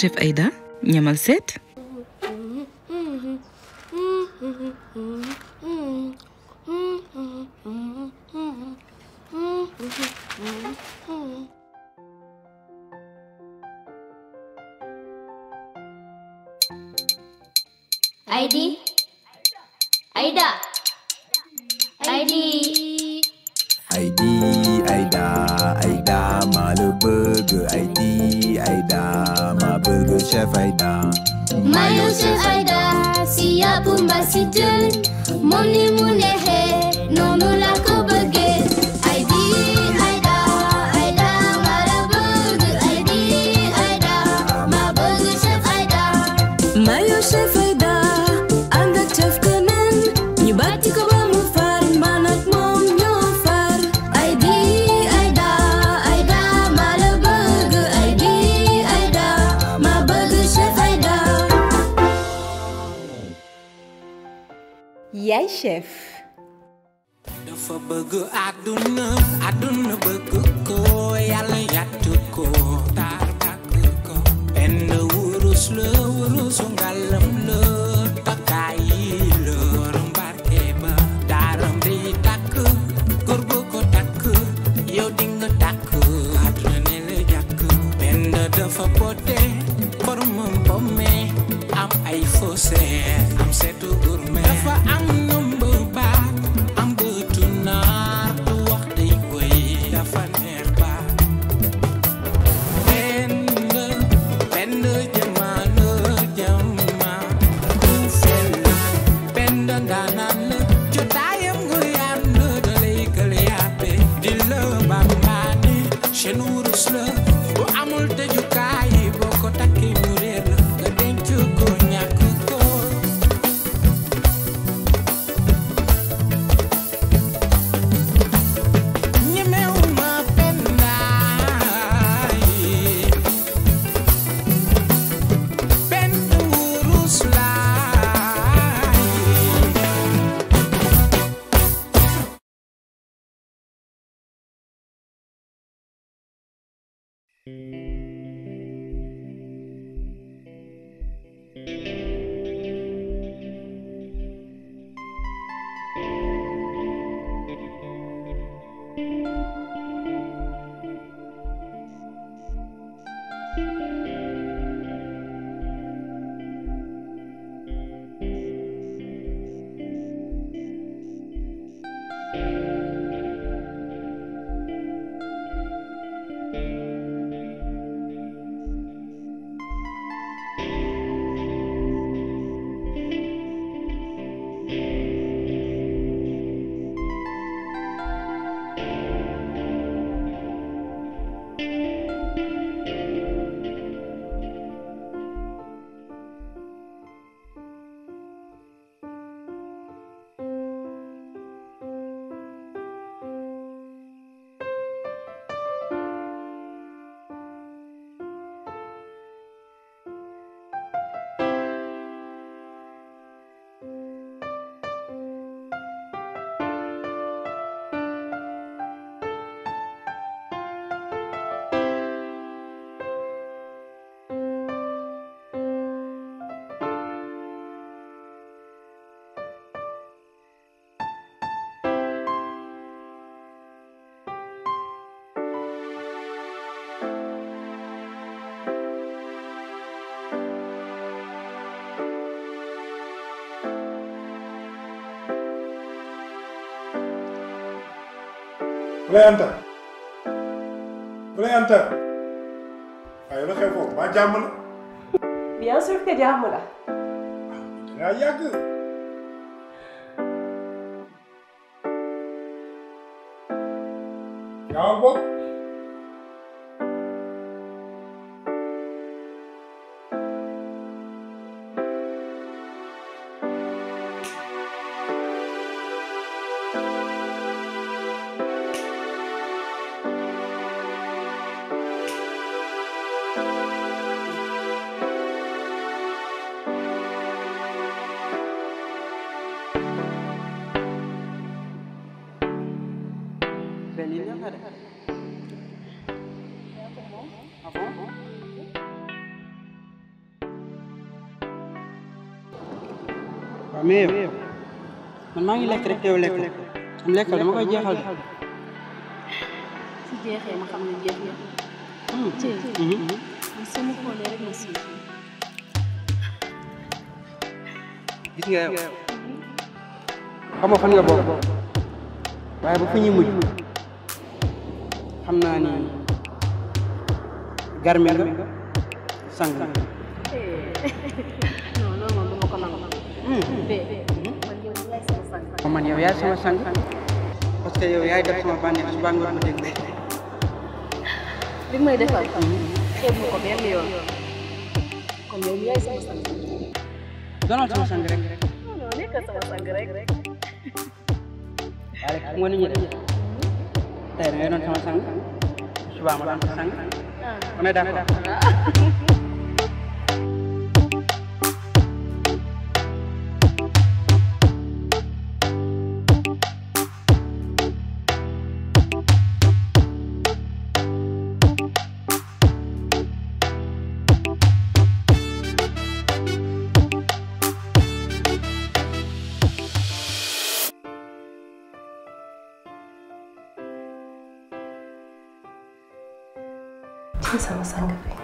شيف أيدا يا ملسات أيدي أيدا أيدي أيدي أيدا أيدا مالو برجر أيدا Chef Aida. Mayo Chef Aida, si ya pumba si jeli, moni mune Chef. dafa pote pour am ay am setu Thank mm. you. Play enter. Ayo la xew foofu ba Bien sûr que la. عمير من ما يقول لك ركبت ولا لك ملك ما قاعد ياخذ جيخ يا ما خمن جيخ يا نسمو كون رك نسمو gis nga yow xam nga fan nga bokk waaye ba fi ñu mujj xam naa ni garmi nga sang nga. Eh. non non moom hmm. hmm. yaay sama sang. parce que yow yaay def sama bànneex su baa nga ko déglu. li may defal. xeeb ma ko benn yoon. kon yow yaay sang. doonal sama sang rek. non sang rek rek. sang. suba Onay dah. 사무상급이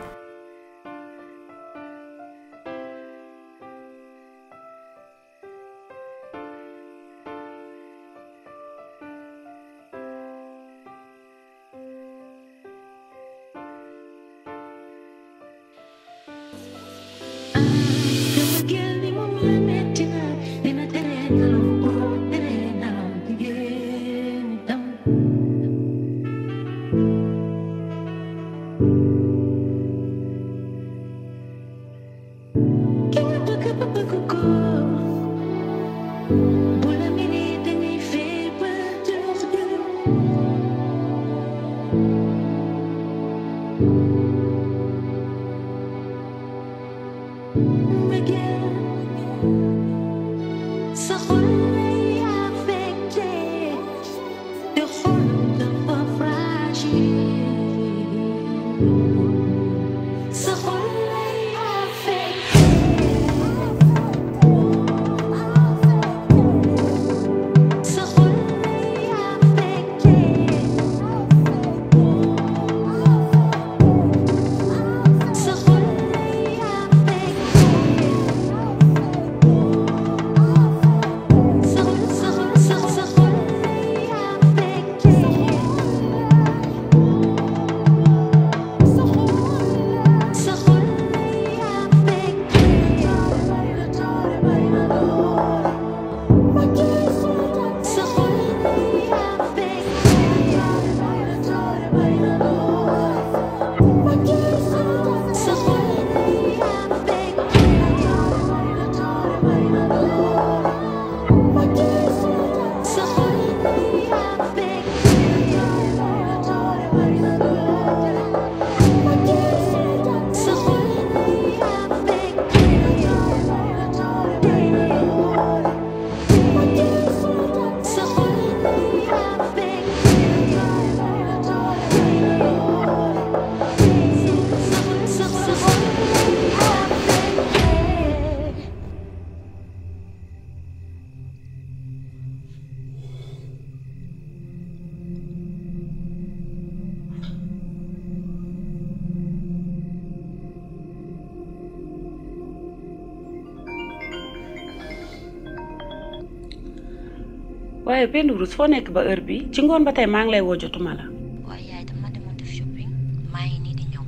waaye benn rus foo nekk ba heure bi ci ngoon ba tey maa ngi lay woo jotuma la. waaye dama demoon def shopping maa ngi nii di ñëw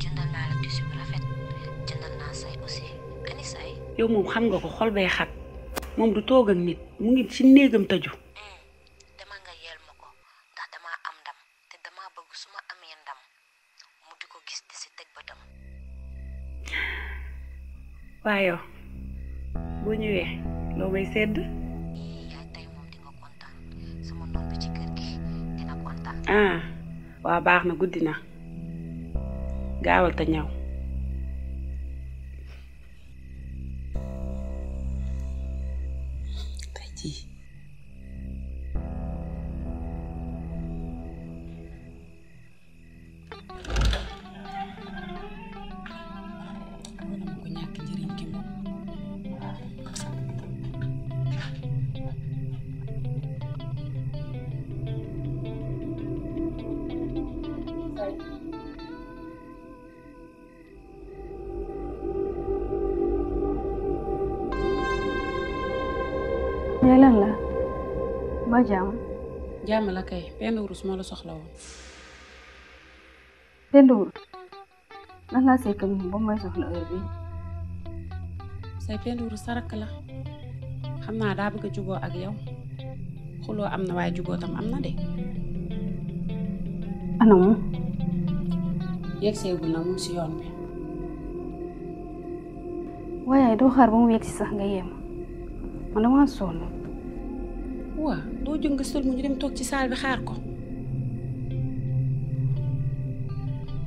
jëndal naa la tissu bu rafet jëndal naa say aussi ani say. yow moom xam nga ko xol bay xat moom du toog ak nit mu ngi ci néegam tëju. Eh, dama nga yeel ma ko ndax dama am ndam te dama bëgg su ma amee ndam mu di ko gis di si teg bëtam. waaye boo ñëwee loo may sedd. ah waa baax na guddi na gaawal te ñëw jàmm la kay benn wurus moo la soxla woon. benn wurus lan laa say kam ba may soxla heure bi say benn wurus sa rakk la xam naa daa bëgg a juboo ak yow xuloo am na waaye juboo tam am na de. ana moom. yegg na mu si yoon bi. waaye doo xaar ba mu yegg si sax nga yem man damaa sonn. waaw doo jóg nga sëlmu ñu dem toog ci saal bi xaar ko.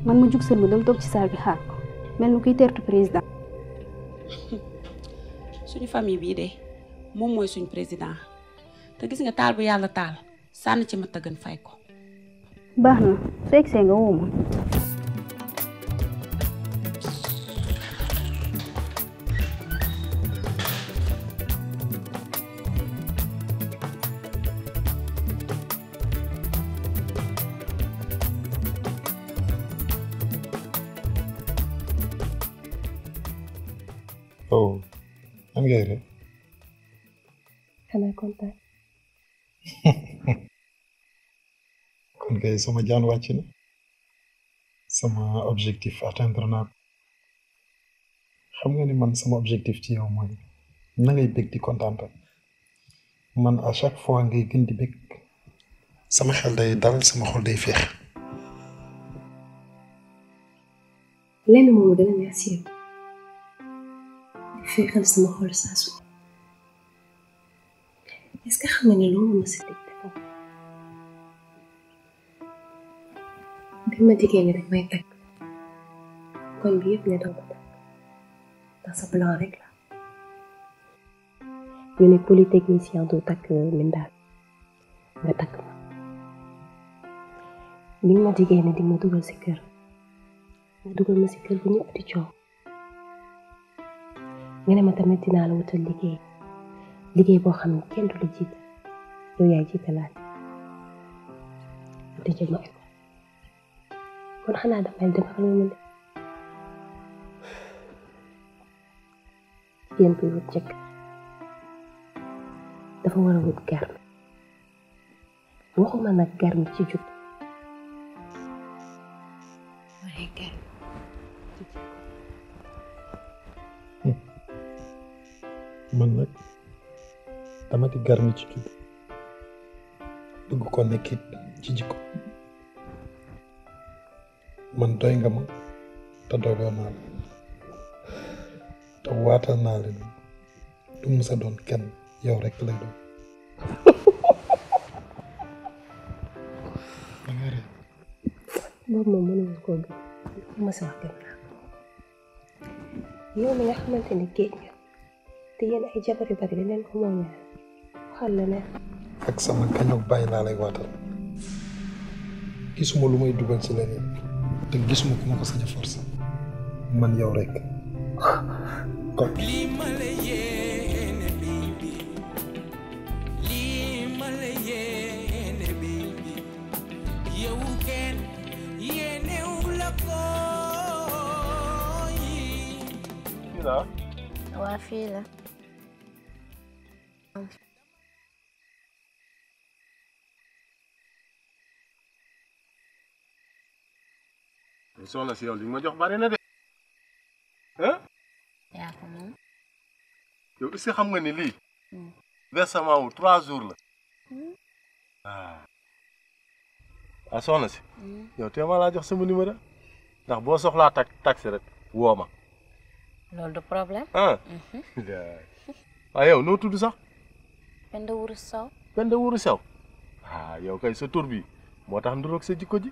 man ma jug sëlmu dem toog ci saal bi xaar ko mel ni kuy teertu président. suñu famille bii de moom mooy suñ président te gis nga taal bu yàlla taal sànn ci ma tëggan fay ko. baax na fekk see nga sama jaan wàcc na sama objectif atteindre naa xam nga ni man sama objectif ci yow mooy na ngay bég di kontaan man à chaque fois ngay gën di bég sama xel day dal sama xol day féex. lenn moomu gën a neex si yow féexal sama xol saa su est-ce que xam nga ma ma jigéen ñi may teg koñ bi yëpp ne doo ko teg ndax sa plan rek la ñu ne polytechnicien du takk mindaal nga takk ma bi ma jigéen di ma dugal si kër nga dugal ma si kër bu ñëpp di coow nga ne ma tamit dinaa la wutal liggéey liggéey boo xam ne du la jiite yow yaay jiite laaj kon xanaa damay defaral mu ne jigéen bi dafa war a wut garmi waxuma nag garmi ci jub man nag dama di ci jub dugg ko nekkit ci jikko mënutooy nga ma te doyloo naa la te waatal naa leen du mës a yow rek lay do da nga rey. boobu moom mënuñu koo gëm mës a wax gëm yow mi nga xamanteni ni nga te yéen ay jabar yu bari dinañ ko mo ñaan xal la ne. ak sama kañoog bay laa lay watal gisuma lu may dugal ci leneen. te gisuma ku ma ko sañ a force man yow rek kon waa fii la soxna si yow li ma jox bari na de. ah. yaa ko moom. yow est xam nga ni lii. Hmm. versement wu trois jours la. Hmm. ah. ah soxna si. Hmm. yow tey ma laa jox sama numéro. ndax boo soxlaa tak taxi rek woo ma. loolu du problème. ah. waaw mhm. ah, noo tudd sax. Penda Wuru Sow. Penda Wuru Sow. ah yow kay sa tur bi moo tax nduroog sa jikko ji.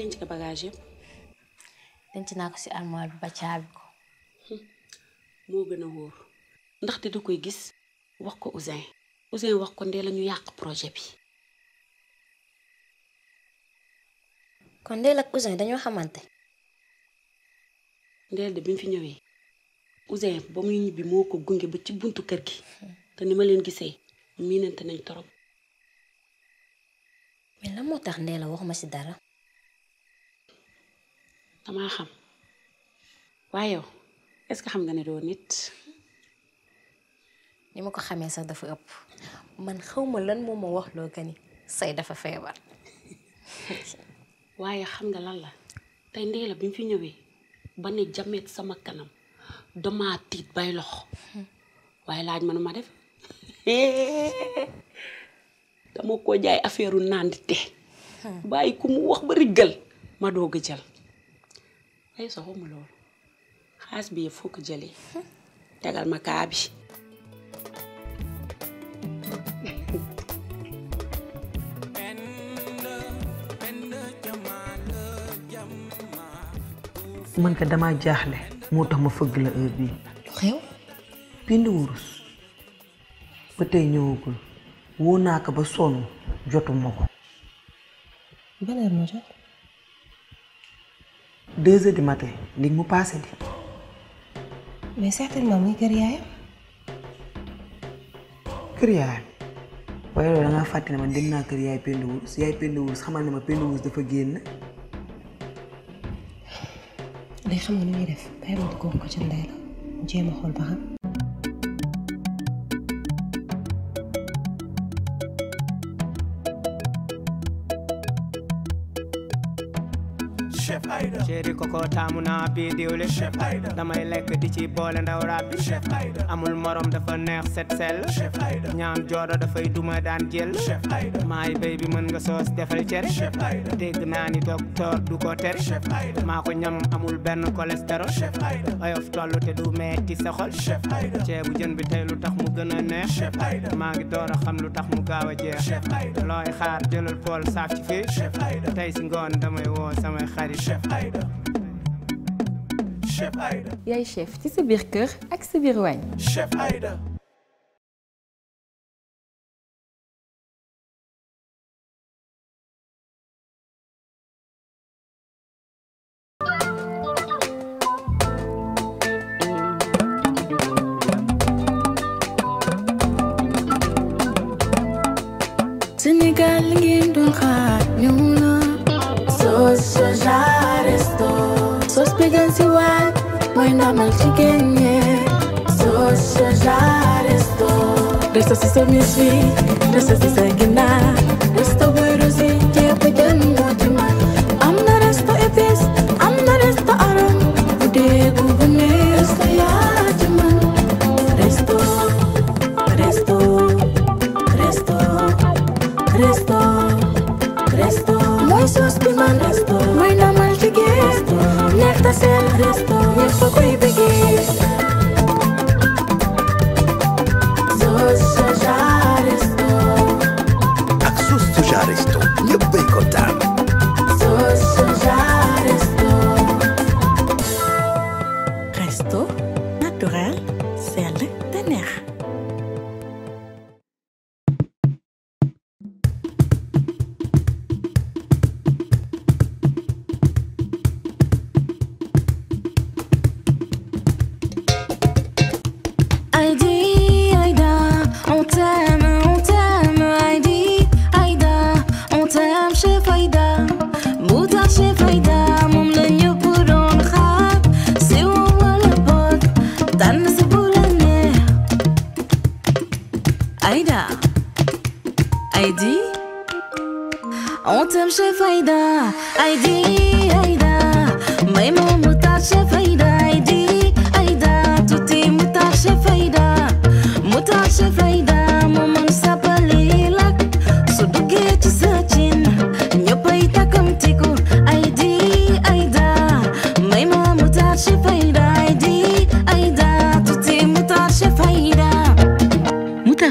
denc nga bagage yëpp. denc naa ko ci armoire bi ba caabi ko. moo gën a wóor ndaxte du koy gis wax ko Ousin Ousin wax ko ndee la ñu yàq projet bi. kon ndeel ak Ousin dañoo xamante. ndeel de bi mu fi ñëwee Ousin ba muy ñibbi moo ko gunge ba ci buntu kër gi te ni ma leen gisee miinante nañ torop mais la moo tax ndee la waxuma ci dara. damaa xam waaye yow ce que xam nga ne doo nit ni ma ko xamee sax dafa ëpp man xawma lan moo ma wax loo gani say dafa feebar waaye xam nga lan la tey ndey bi mu fi ñëwee ba ne jameet sama kanam damaa tiit bay lox waaye laaj ma nu ma def dama koo jaay affaireu nandite hmm. bàyyi ku mu wax ba riggal ma doog jël ay soxuma loolu xaas bi yëpp foo ko jëlee ma kaa bi man dama jaaxle moo tax ma fëgg la heure bii lu xew wurus ba tey ñëwagul woo naa ko ba sonn jotuma ko baleer ma jot deux heures du matin ndig mu paase di mais certainement muy kër yaayam kër yaayam waaye loolu fàtte ne man dem naa kër yaay Penda Wurus yaay Penda Wurus xamal ne ma Penda Wurus dafa génn day xam nga nu muy def day ma ci ndey la mu jéem xool ba xam ko tamu bi diw le chef aida damay lek di ci bolé ndaw rap bi chef aida amul morom dafa neex set sel chef aida ñaan jodo da fay duma daan jël chef aida may baby man nga sos defal cer chef aida deg naani docteur du ko ter chef aida mako ñam amul ben cholesterol chef aida ay of tollu te du metti sa xol chef aida ci bu jeun bi tay lu tax mu gëna neex chef aida ma ngi dora xam lu tax mu gawa jeex chef aida loy xaar jëlul fol saaf ci fi chef aida tay ci ngon damay wo sama xarit chef aida Chef Jij chef die sa bierkeur, kër ak sa biir Chef Aida. Sénégal ngeen doon xaar ñëw Sos so, Wind up my chicken, yeah. Socializar esto. Resta si se mi svi, resta si se gina. Resta buruzi, ke piden mutima. Amna resta etis, amna resta aram. Ude gubne resta yajiman. Resto, resto, resto, resto, resto. Moi sos piman, resto. Moi namal tige, nekta sel, resto. Aida Aidi On t'aime chez Aida Aidi Aida my mom.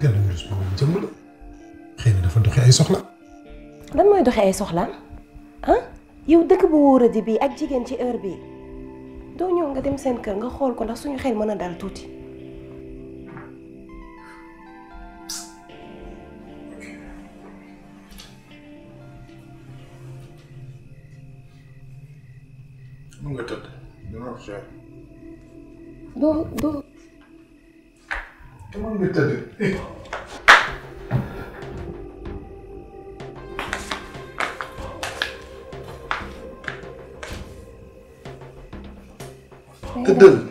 gànnaaw rus boobu jëmm la xëy dafa doxee ay soxla. lan mooy doxee ay soxlaam ah yow dëkk bu wóoradi bii ak jigéen ci heure bii doo ñëw nga dem seen kër nga xool ko ndax suñu xel mën a dara tuuti. 도망갔다들. 근데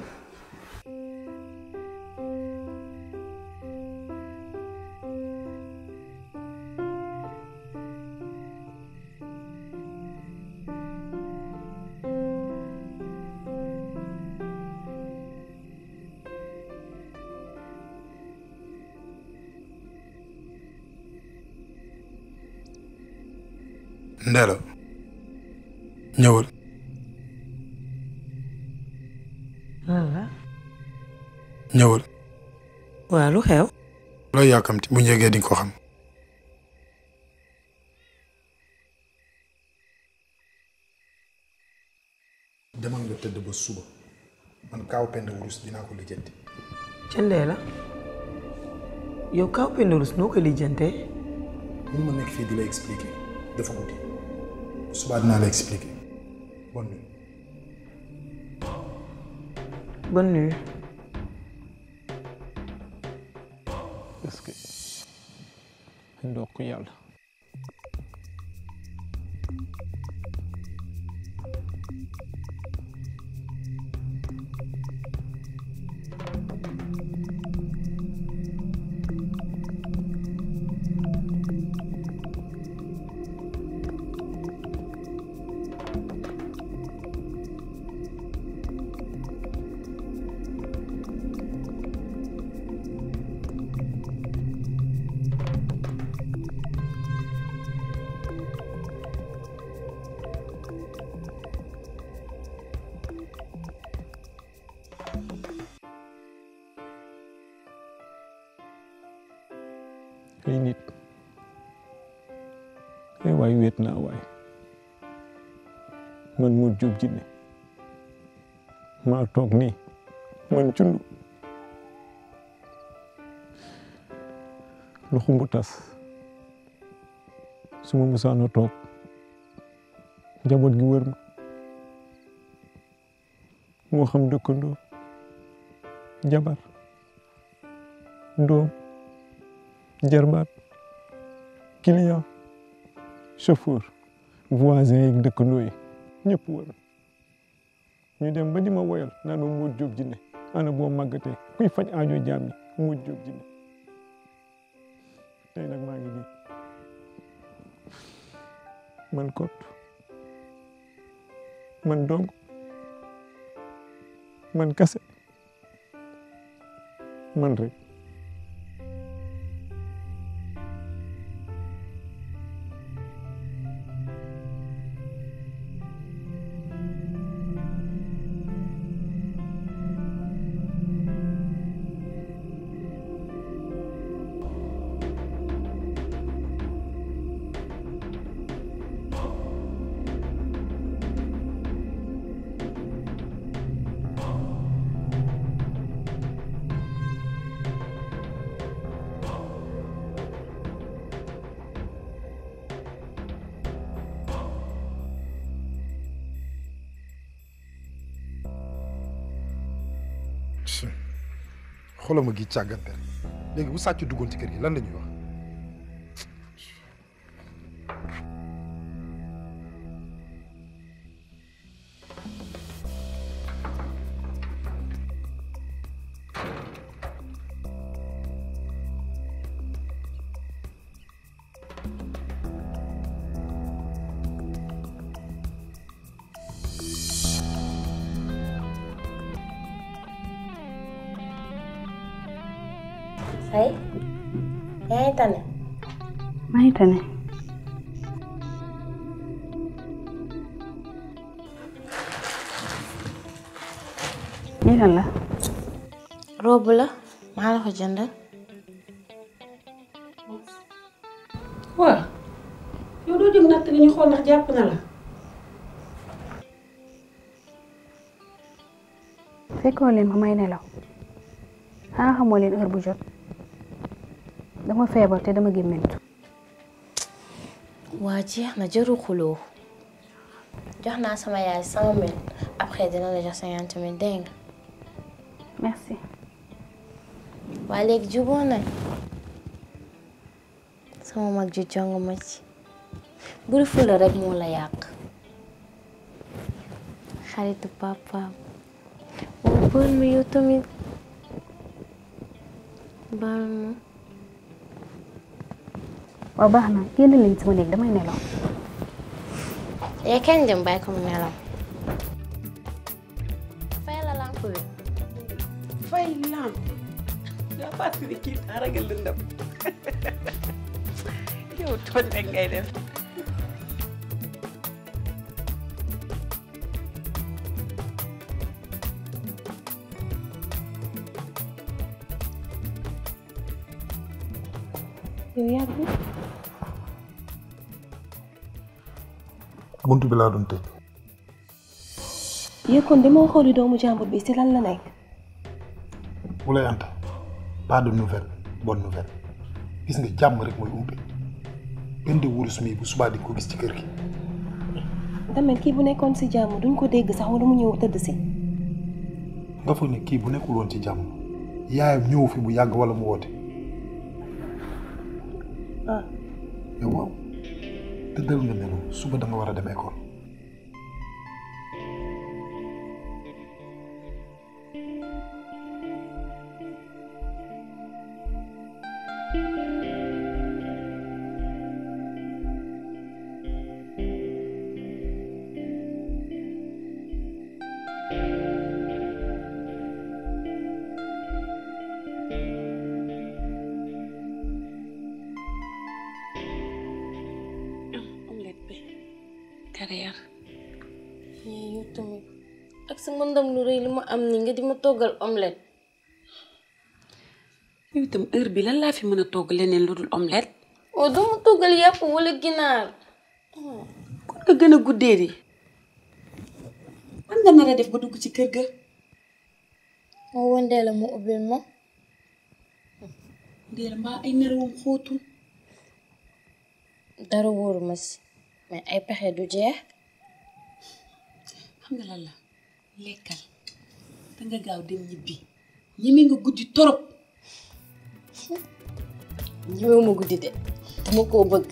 yegee di ko xam. demal nga tëdd ba suba man kaaw Penda Wurus dina ko lijjanti. jëndee la yow kaaw Penda Wurus noo koy lijjantee. mun ma nekk fii di la expliquer dafa guddi suba dinaa la expliquer bonne nuit. bonne nuit. est-ce que Hindu okuyalım. jub jinne ma tok ni man cund lu xumbu tas suma ma musaana toog njaboot gi wër ma moo xam dëkkandoo jabar doom jarbaat client chauffeur voisin yi dëkkandoo yi ñëpp wër ñu dem ba di ma woyal naan ma Modou Diop Djiné ana boo màggatee kuy faj aajo jaam yi Modou Diop Djiné nag maa ngi nii man kot man dong man kase man rek gi càggante léegi bu sàcc duggoon ci kër gi lan la ñuy wax. Faye yaa ngi tane. maa ngi lan la. robe la maa la ko jëndal. waaw yow doo dem natt ñu xool ndax jàpp na la. fekkoo leen ko may nelaw xanaa xamoo leen heure dama feebar te dama gémmentu waa jeex na jëru jox naa sama yaay cent mille après dina la jox cinquante mille dégg nga merci waa léegi juboo nañ sama mag ju jong ma ci bul fula rek moo la yàq xaritu papaam moo bër mi yow tamit baal waaw baax na génn leen sama néeg damay nelaw. yaa kenn jëm bàyyi ko nelaw. fay la lampe bi. fay lampe. daa fàttali kii daa ragal lëndëm bunt bi laa doon tëj. yéen kon xooli doomu jàmbur bi si lan la nekk. mu lay anta pas de nouvelle bonne nouvelle gis nga jàmm rek mooy umpe benn wurus mi bu subaa di ko gis ci kër gi. tamit kii bu nekkoon ci jàmm duñ ko dégg sax wala mu ñëw tëdd si. nga foog ne kii bu nekkul woon ci jàmm yaayam ñëw fi bu yàgg wala mu woote. Ah. tëddal nga ne suba da nga war a dem carrière mais yow tamit ak sama ndam lu rëy ma am ni nga di ma toggal omelette yow itam heure bi lan laa fi mën a togg leneen lu dul omelette oo dama toggal yàpp wala ginaar kon nga gën a guddee di man nga nar def ba dugg ci kër ga moo wondee la mu ubbil ma ndee la ay nerawum xóotul dara wóoru ma si mais nah, ay pexe ya, du jeex. xam ya. lekkal da nga gaaw dem ñibbi ñimi nga guddi torop. ñeme ma guddi de dama koo bëgg.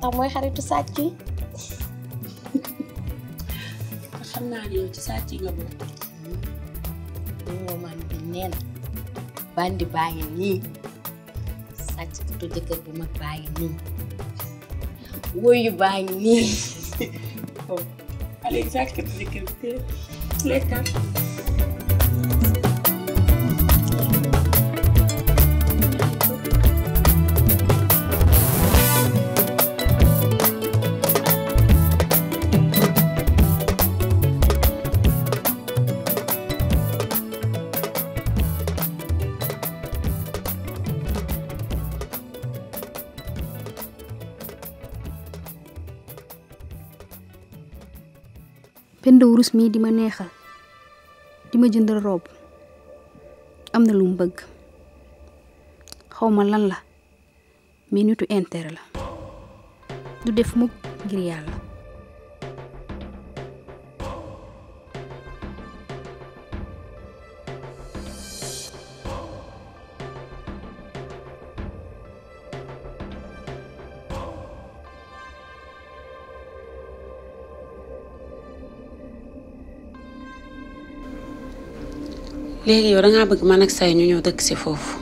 ta mooy xaritu sàcc yi. xam kan naa ne yow ci sàcc yi nga bokk. woman bi neen bandi baangi nii sàcc katu jëkkër bu mag baangi nii. were you buying me? oh, Alexia, que te quedé. Later. penda wurus mii di ma neexal di ma jëndal robe am na lu mu bëgg xaw ma lan la mais nitu intérêt la du def mukk ngir yàlla léegi yow ya dangaa bëgg man ak say ñu ñëw dëkk si foofu.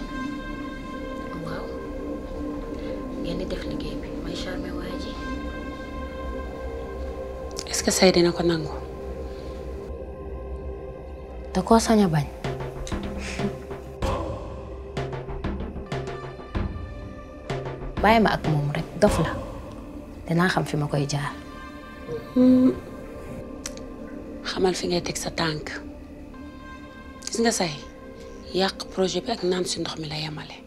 waaw ngeen di def ji. est-ce que say dina ko nangu. da koo sañ a bañ. bàyyi ma ak moom rek dof la dinaa xam fi ma hmm. koy jaar. xamal fi ngay gis nga say yàq projet bi ak si ndox mi la yemale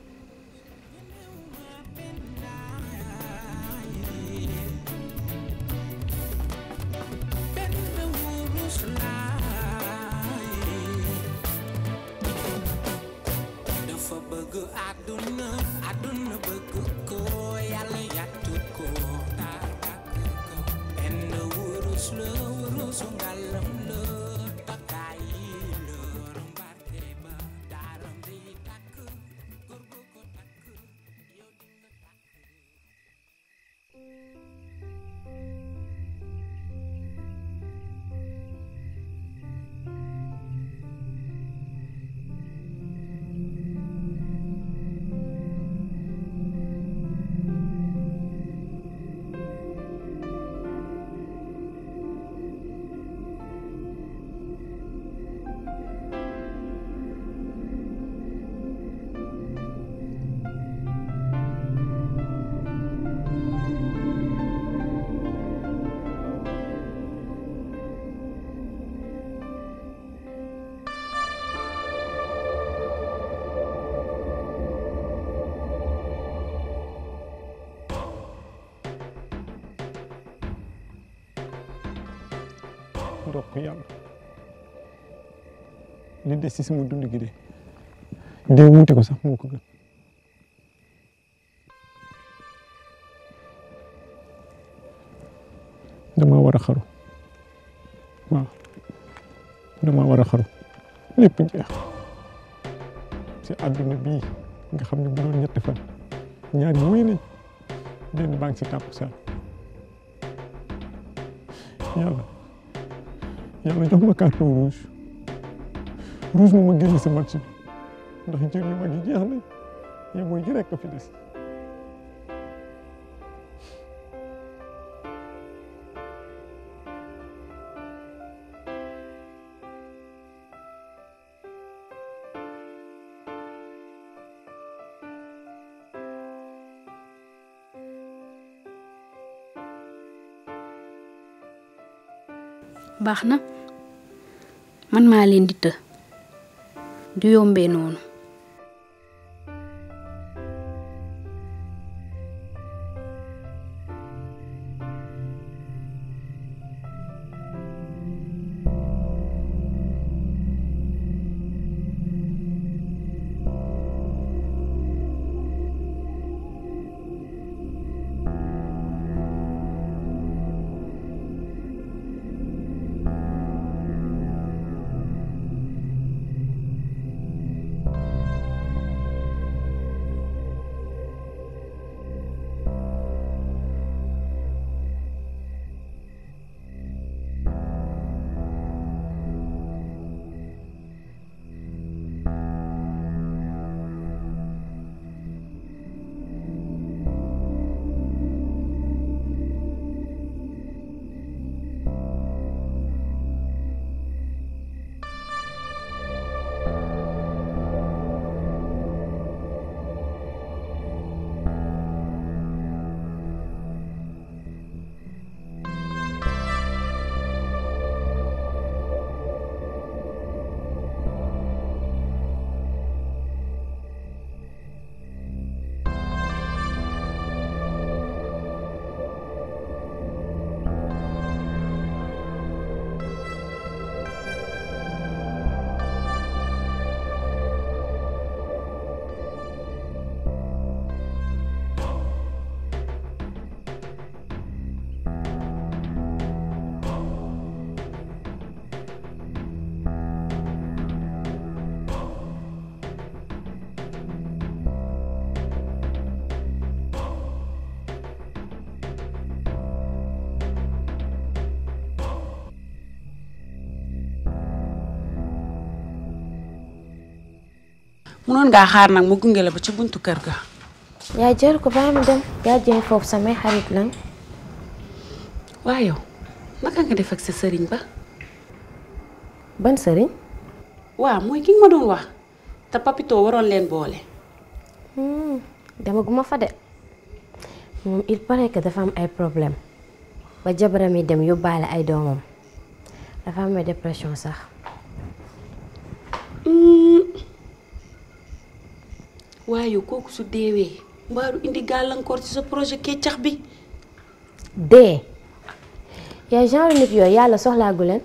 li des si sama dund gi de dee wute ko sax moo ko gën dama war a xaru waaw dama war a xaru lépp jeex si àdduna bii nga xam ne bu doon ñetti fan ñaar yi wéy nañ benn baa ngi si tàkku saan yàlla yàlla jox ma carton rouge Plus ma ma pas si match bi ndax jur yu mag yi jeex nañ yow mooy fi des baax na man maa leen di Dion benono. munon nga xaar nak mo gunge ba ci buntu kër ga Ya jël ko baam dem ya jël fofu sama xarit lan wayo naka nga def ak sa serigne ba ban serigne wa moy ki ma doon wax ta papito bolé Hmm, dama guma fa dé mom il paraît que dafa am ay problème ba jabaram yi dem yóbbaale ay domam dafa am dépression sax hmm. waaye kooku su deewee mbaa du indi gàllankoor ci sa projet keccax bi. dee yaa genre nit yooyu yàlla soxlaagu leen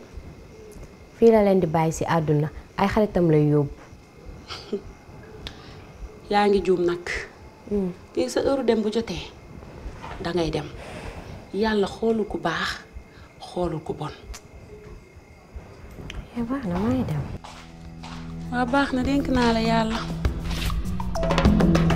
fii la leen di bàyyi si àdduna ay xaritam lay yóbbu. yaa ngi juum nag. léegi hmm. sa heure dem bu jotee dangay dem yàlla xoolu ku baax xoolu ku bon. Eh, baax na maa dem. waa baax na dénk naa la yàlla. Thank you.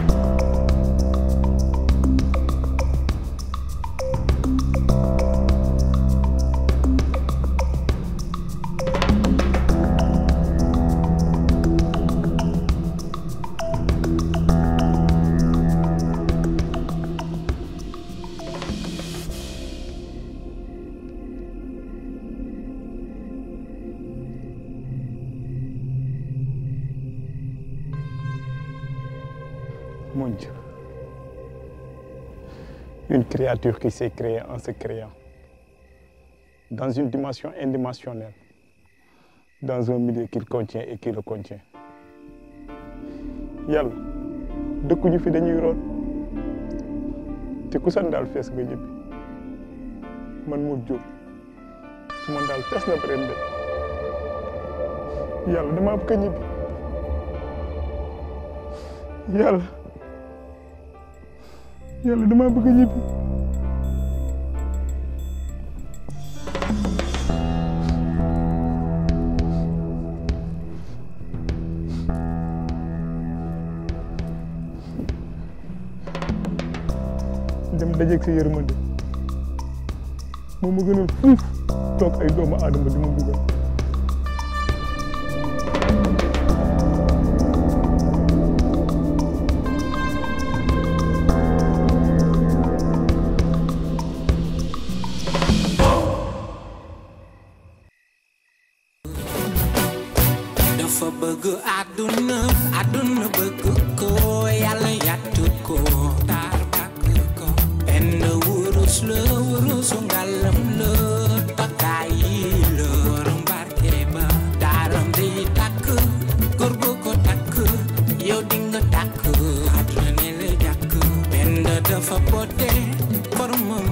une créature qui s'est créée en se créant, dans une dimension indimensionnelle, dans un milieu qu'il contient et qui le contient. yàlla dëkkuñu fi dañuy root neurones, ku dal daal fees nga ñibbi man Modou Diop su man daal fees na ba ren de yàlla damaa bëgg a yàlla damaa bëgg a ñibbi. dem dajeeg sa yërmande moom ma gënal ay doomu aadama di ma fa bëgg àdduna àdduna bëgg ko yàlla yàttu ko taar bàkk ko benn wurus la wurusu ngàllam la takkaay yi looru ba daaram day takk góor gu ko takk yow di nga takk àdduna ne la jàkk benn dafa pote formam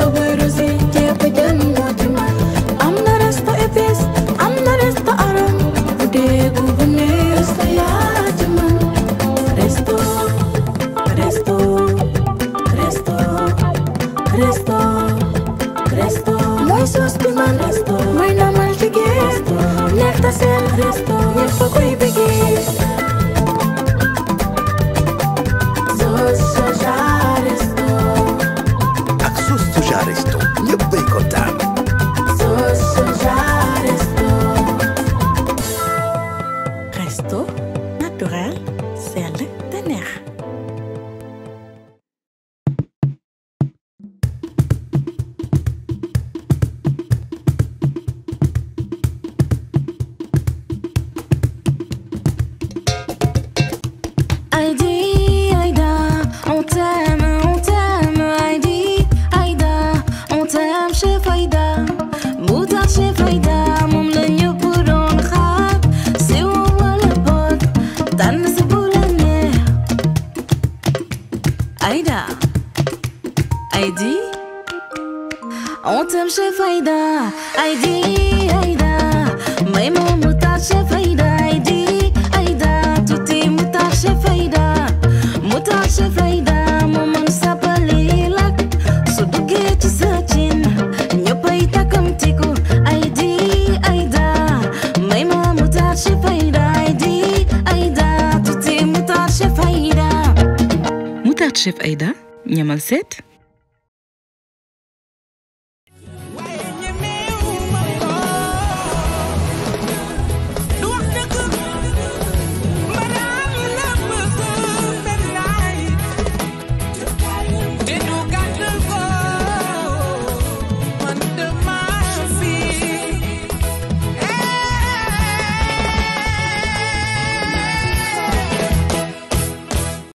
begin.